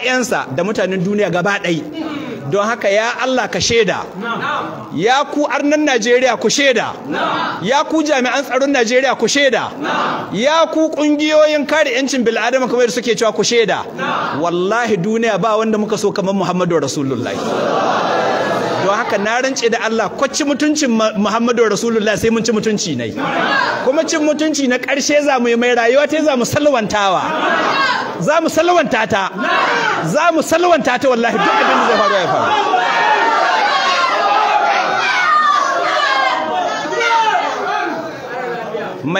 'ya'yansa da mutanen duniya gaba ɗai don haka ya Allah ka shaida ya ku arnan Najeriya ku shaida ya ku jami'an tsaron Najeriya ku shaida ya ku ƙungiyoyin kare yancin bil'adama kamar da suke cewa ku shaida wallahi duniya ba wanda muka so kamar Muhammadu Rasulullahi don haka na rance da Allah kwacci mutuncin Muhammadu Rasulullah sai mun ci mutunci nai kuma cin mutunci na karshe za mu yi mai rayuwa ta za mu salwantawa za mu salwanta ta za mu salwanta ta wallahi duk abin da zai faru ya faru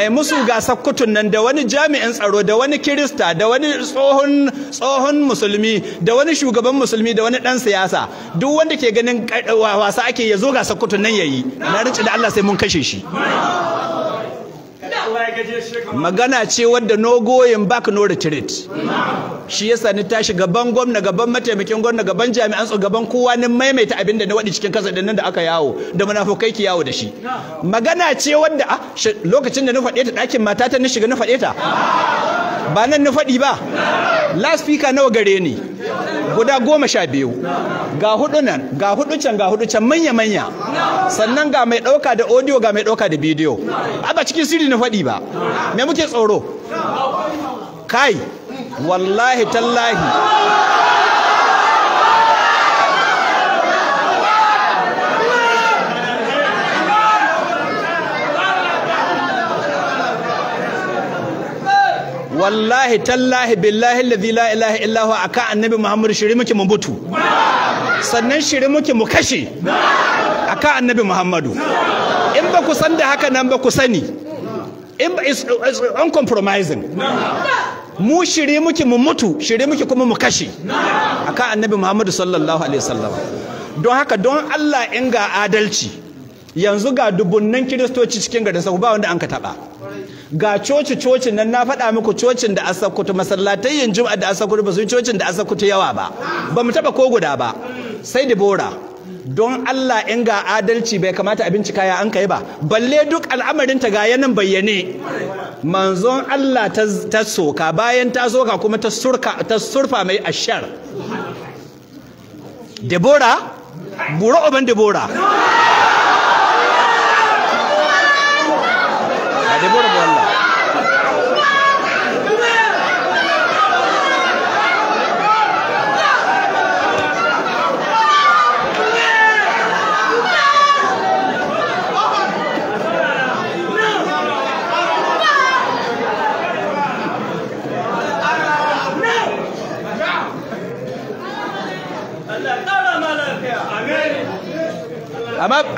mai musu ga sakkutun nan da wani jami'in tsaro da wani kirista da wani tsohon musulmi da wani shugaban musulmi da wani ɗan siyasa duk wanda ke ganin wasa ake ya zo ga sakkutun nan yayi na rinci da Allah sai mun kashe shi magana ce wadda no goyon back no retreat shi yasa ni tashi gaban gwamna gaban mataimakin gwamna gaban jami'an tsaro gaban kowa ni maimaita abin da na wadi cikin kasa dinnan da aka yawo da munafukai ki yawo da shi magana ce wadda ah, lokacin da na faɗe ta ɗakin ta na shiga na faɗe ta ba nan na faɗi ba last speaker nawa gare ni guda goma sha biyu ga hudu nan ga hudu can ga hudu can manya manya sannan ga mai ɗauka da audio ga mai ɗauka da bidiyo a ba cikin sirri na faɗi ba me muke tsoro kai wallahi tallahi wallahi tallahi billahi allazi la ilaha illa huwa aka annabi muhammad shiri muke mu butu sannan shiri muke mu kashe aka annabi muhammadu in ba ku san da haka nan ba ku sani in ba is uncompromising mu shiri muke mu mutu shiri muke kuma mu kashe aka annabi muhammadu sallallahu alaihi wasallam don haka don Allah in ga adalci yanzu ga dubunnan kiristoci cikin garin sa ba wanda an ka taba ga coci cocin nan na faɗa muku cocin da asakutu masallatai yin juma'a da asakutu ba su cocin da asakutu yawa ba ba mu taba ko guda ba sai dibora don Allah in ga adalci bai kamata abinci kaya an kai ba balle duk al'amarin ta ga yanan bayyane manzon Allah ta soka bayan ta soka kuma ta surka ta surfa mai ashar dibora buru oban dibora দেবো বল্লা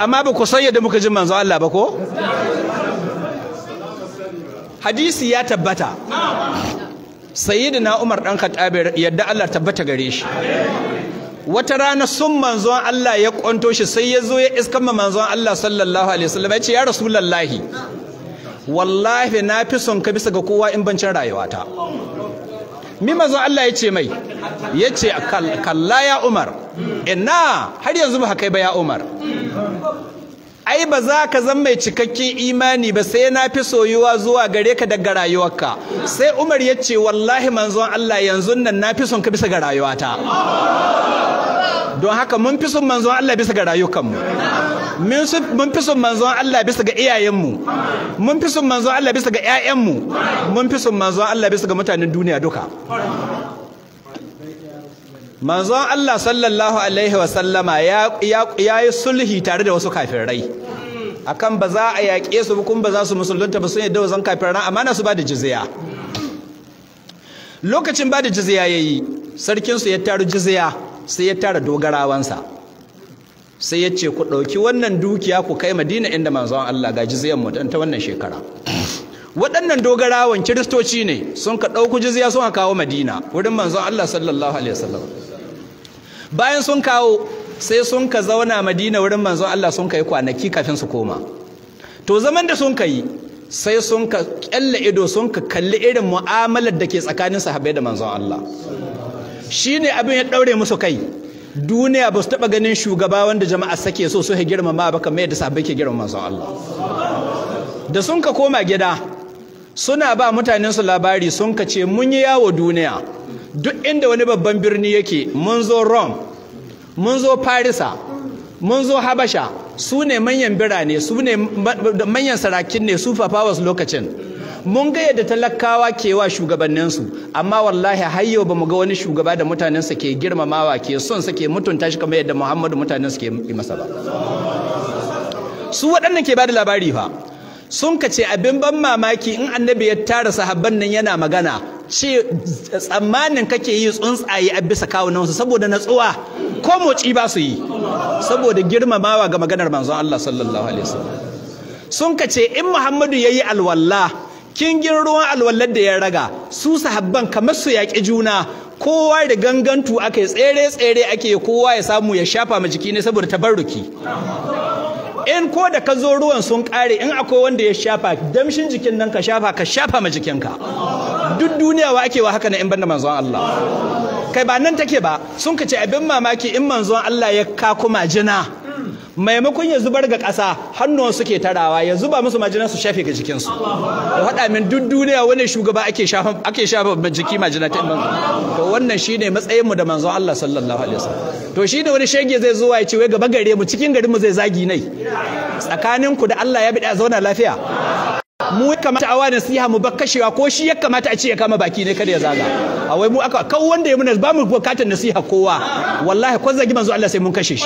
amma ba ku san yadda muka ji manzo Allah ba ko hadisi ya tabbata sayyidina Umar dan Khattab yadda Allah tabbata gare shi wata rana sun manzon Allah ya kwanto shi sai ya zo ya iskan manzon Allah sallallahu alaihi wasallam ya ce ya rasulullahi wallahi na fi son ka bisa ga kowa in bancin rayuwata mi manzon Allah ya ce mai ya ce kalla ya Umar ina har yanzu ba kai ba ya Umar ai ba za ka zan mai cikakken imani ba sai na fi soyuwa zuwa gare ka daga rayuwarka sai umar ya ce wallahi manzon Allah yanzu nan na fi son ka bisa ga rayuwata don haka mun fi son manzon Allah bisa ga rayukanmu mun fi son manzon Allah bisa ga iyayenmu mun fi son manzon Allah bisa ga 'ya'yanmu mun fi son manzon Allah bisa ga mutanen duniya duka manzon Allah sallallahu alaihi wasallama ya yi sulhi tare da wasu kafirai akan ba za a yaƙe su kuma ba za su musulunta ba sun yadda zan kafirai na su ba da jizya lokacin ba da jizya ya sarkin su ya taru jizya sai ya tara dogarawansa sai ya ce ku ɗauki wannan dukiya ku kai Madina inda manzon Allah ga jizyan mu ta wannan shekara waɗannan dogarawan kiristoci ne sun ka ɗauku jizya sun kawo Madina wurin manzon Allah sallallahu alaihi wasallam bayan sun kawo sai sun ka zauna madina wurin manzon Allah sun kai kwanaki kafin su koma to zaman da sun kai sai sun ka kyalle ido sun ka kalli irin mu'amalar da ke tsakanin sahabbai da manzon Allah shine abin ya daure musu kai duniya ba su taba ganin shugaba wanda jama'a sake so su girmama ba kamar yadda sahabbai ke girmama manzon Allah da sun ka koma gida suna ba mutanen su labari sun ka ce mun yi yawo duniya duk inda wani babban birni yake mun zo Rome mun zo Farisa mun zo Habasha su ne manyan birane su ne manyan sarakin ne su fafawas lokacin mun ga yadda talakawa ke wa shugabanninsu amma wallahi har yau ba mu ga wani shugaba da mutanensa ke girmamawa ke son sa ke mutunta shi kamar yadda Muhammadu mutanensa ke yi masa ba su waɗannan ke ba da labari fa sun ka ce abin ban mamaki in annabi ya tara sahabban nan yana magana ce tsammanin kake yi tsuntsaye a bisa kawunansu saboda natsuwa ko motsi ba su yi saboda girmamawa ga maganar manzon Allah sallallahu alaihi wasallam sun ka in Muhammadu ya yi alwalla kingin ruwan alwallar da ya raga su sahabban kamar su yaƙi juna kowa da gangantu aka tsere tsere ake kowa ya samu ya shafa ma jiki ne saboda tabarruki in ko da ka zo ruwan sun ƙare in akwai wanda ya shafa damshin jikin nan ka shafa ka shafa ma jikinka duk duniya wa ake wa haka na in banda manzon Allah kai ba nan take ba sun kace abin mamaki in manzon Allah ya kaku majina maimakon ya zubar ga ƙasa hannun suke tarawa ya zuba musu majina su shafe ga jikinsu da haɗa min duk duniya wani shugaba ake shafa ake shafa jiki majina ta manzo to wannan shine matsayin mu da manzon Allah sallallahu alaihi wasallam to shine wani shege zai zuwa ya ce wai gaba gare mu cikin garin mu zai zagi nai tsakanin ku da Allah ya bi da zauna lafiya mu ya kamata a wani nasiha mu bar kashewa ko shi ya kamata a ce ya kama baki ne kada ya zaga a wai mu aka kawo wanda ya muna ba mu bukatar nasiha kowa wallahi ko zagi manzo Allah sai mun kashe shi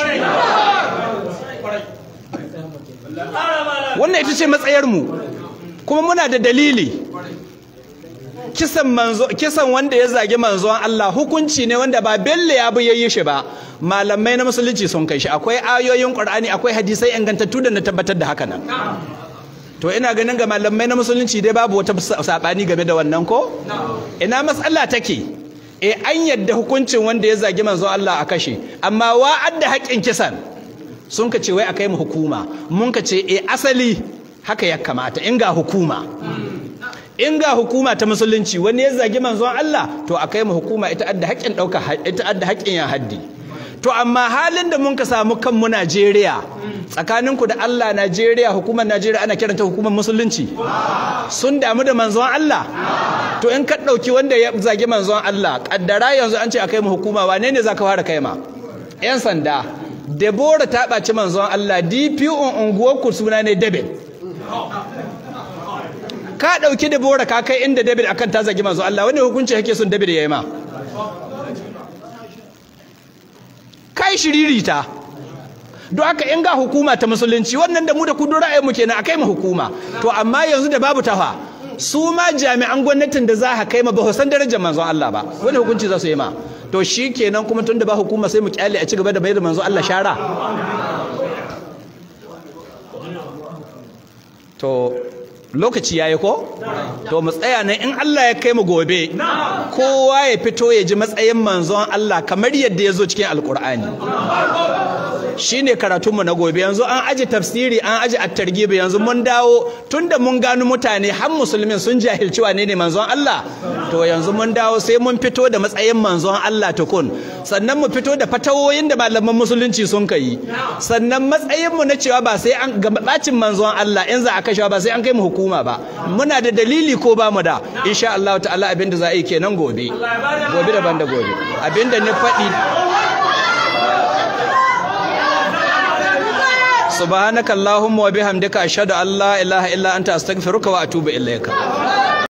wannan ita ce matsayar mu kuma muna da dalili kisan manzo kisan wanda ya zagi manzon Allah hukunci ne wanda ba belle ya bi yayi shi ba malamai na musulunci sun kai shi akwai ayoyin Qur'ani akwai hadisai ingantattu da na tabbatar da haka nan to ina ganin ga malamai na musulunci dai babu wata saɓani game da wannan ko ina matsala take e an yadda hukuncin wanda ya zagi manzon Allah a kashe amma wa adda haƙƙin kisan sun ka ce wai akai mu hukuma mun ka ce e asali haka ya kamata in ga hukuma in ga hukuma ta musulunci wani ya zagi manzon Allah to akai mu hukuma ita adda haƙƙin ɗauka ita adda haƙƙin ya haddi to amma halin da mun ka samu kanmu Najeriya tsakanin ku da Allah Najeriya hukumar Najeriya ana kiranta hukumar musulunci sun damu da manzon Allah to in ka dauki wanda ya zagi manzon Allah kaddara yanzu an ce akai mu hukuma wane ne zaka fara kaima yan sanda Deborah ta ɓaci manzon Allah DPO unguwarku suna ne David ka ɗauki Deborah ka kai inda David akan ta zagi manzon Allah wani hukunci yake son David ya yi ma kai shiririta don haka in ga hukuma ta musulunci wannan da mu da muke ra'ayinmu kenan kai mu hukuma to amma yanzu da babu tafa su ma jami'an gwamnatin da za a kai ma ba san darajar manzon Allah ba wani hukunci za su yi ma to shi kenan kuma tun da ba hukuma sai mu kyale a ci gaba da bai da manzon Allah shara to lokaci ya yi ko? to mu tsaya nan in Allah ya kai mu gobe kowa ya fito ya ji matsayin manzon Allah kamar yadda ya zo cikin alkur'ani shine karatunmu na gobe yanzu an aji tafsiri an aji at-targhib yanzu mun dawo tunda mun gano mutane har musulmin sun jahilci wane ne manzon Allah to yanzu mun dawo sai mun fito da matsayin manzon Allah tukun sannan mu fito da fatawoyin da malaman musulunci sun kai sannan matsayin mu na cewa ba sai an ga bacin manzon Allah in za a kashe ba sai an kai mu hukuma ba muna da dalili ko ba mu da insha Allah ta'ala abinda za a yi kenan gobe gobe daban da gobe abinda ni faɗi subhanakallahumma wa bihamdika ashhadu an la ilaha illa anta astaghfiruka wa atubu ilayka